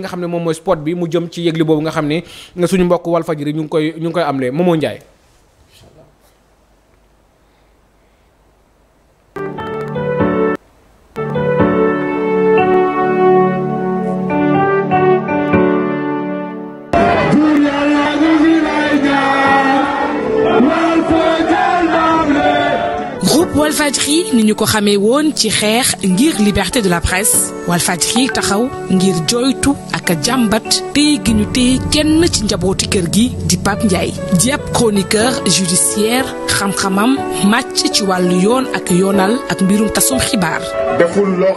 nga xam ne moom mooy sport bi mu jëm ci yëgli boobu nga xam ne suñu mbokk Walfadjri ñu ngi koy ñu ngi koy amle Momo Ndiaye Walfadjri ni ñu ko xamee woon ci xeex ngir liberté de la presse Walfadjri taxaw ngir joytu ak jàmbat téye gi ñu téye kenn ci njabooti kër gi di Pape njaay di ab chroniqueur judiciaire xam-xamam màcc ci wàllu yoon ak yoonal ak mbirum tasum xibaar. deful loo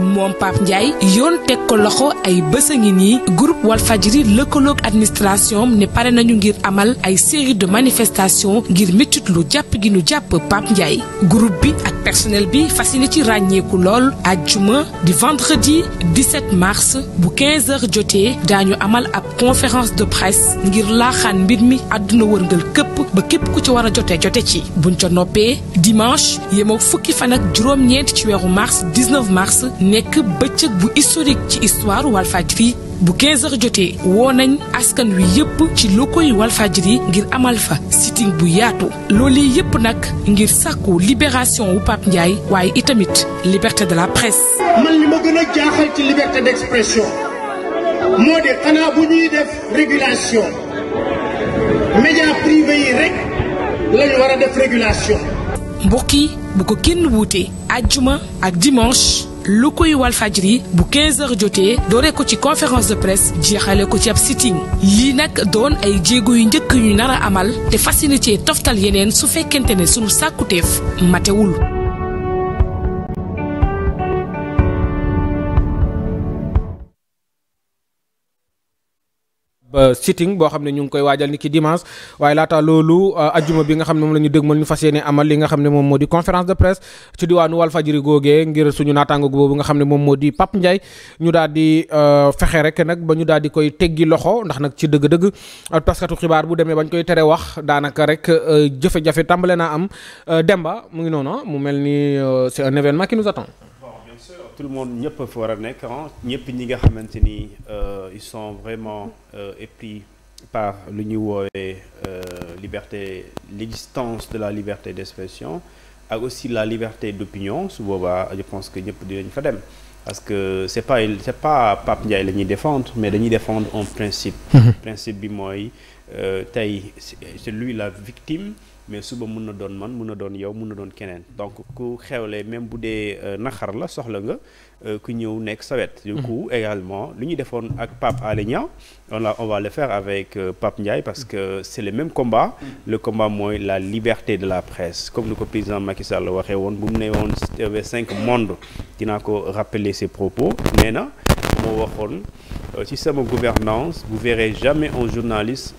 moom Pape Ndiaye yoon teg ko loxo ay bés a ngi nii groupe Walfadjri lëkkaloog administration ne pare nañu ngir amal ay série de manifestation ngir méttit lu jàpp gi nu jàpp Pape Ndiaye groupe bi ak personnel bi fas yéene ci ràññeeku lool àjjuma di vendredi 17 mars bu 15 heures jotee daañu amal ab conférence de presse ngir laaxaan mbir mi àdduna wërngal këpp ba képp ku ci war a jote jote ci buñ ca noppee dimanche yemoo fukki fan ak juróom-ñeent ci weeru mars 19 mars nekk bëccëg bu historique ci histoire Walfadjri bu 15 heures jotee woo nañ askan wi yëpp ci locaux yi Walfadjri ngir amal fa sitting bu yaatu loolee yëpp nag ngir sàkku libération wu Pape Ndiaye waaye itamit liberté de la presse. man li ma gën jaaxal ci liberté d'expression moo de xanaa bu ñuy def régulation média privé yi rek lañu war a def régulation. mbokk yi bu ko kenn wuute ajjuma ak dimanche. lu koy Walfadjri bu 15h jotee dooree ko ci conférence de presse jeexale ko ci ab sitting lii nag doon ay jéego yu njëkk yu nar a amal te fas yéene cee toftal yeneen su fekkente ne sunu sàkkuteef matewul. sitting boo xam ne ñu ngi koy waajal ni ki dimanche waaye laata loolu euh, ajjuma bi nga xam ne moom la ñu dégmal ñu fas yéene amal li nga xam ne moom moo di conférence de presse ci diwaanu Walfajiri googee ngir suñu naataango boobu nga xam ne moom moo di Pape Ndiaye ñu daal di euh, fexe rek nag ba ñu daal di koy teggi loxo ndax nag ci dëgg-dëgg euh, taskatu xibaar bu demee bañ koy tere wax daanaka rek jafe-jafe tàmbale naa am Demba mu ngi noonu mu mel ni c'est un événement qui tout le monde ñëpp a war a nekk ah ñëpp ñi nga xamante ni euh, ils sont vraiment euh, épris par lu ñuy woowee euh, liberté l'existence de la liberté d'expression ak aussi la liberté d'opinion su boobaa je pense que ñëpp dinañ fa dem parce que c'est pas c'est pas Pape Ndiaye la ñuy défendre mais dañuy défendre un principe. Mhm. principe bi mooy tey c'est lui la victime. mais suba mun na doon man mun na doon yow mun na doon keneen donc ku xewle même bu dee euh, naxar la soxla nga euh, ku ñëw nekk sa wet du mm-hmm. également lu ñu defoon ak Pape Alé Niang on la on va le faire avec euh, Pape Ndiaye parce que c'est le même combat mm-hmm. le combat mooy la liberté de la presse comme lu ko président Macky Sall waxee woon bu mu ne woon TV 5 dinaa ko rappeler ses propos nee na moo waxoon si sama gouvernance vous verrez jamais un journaliste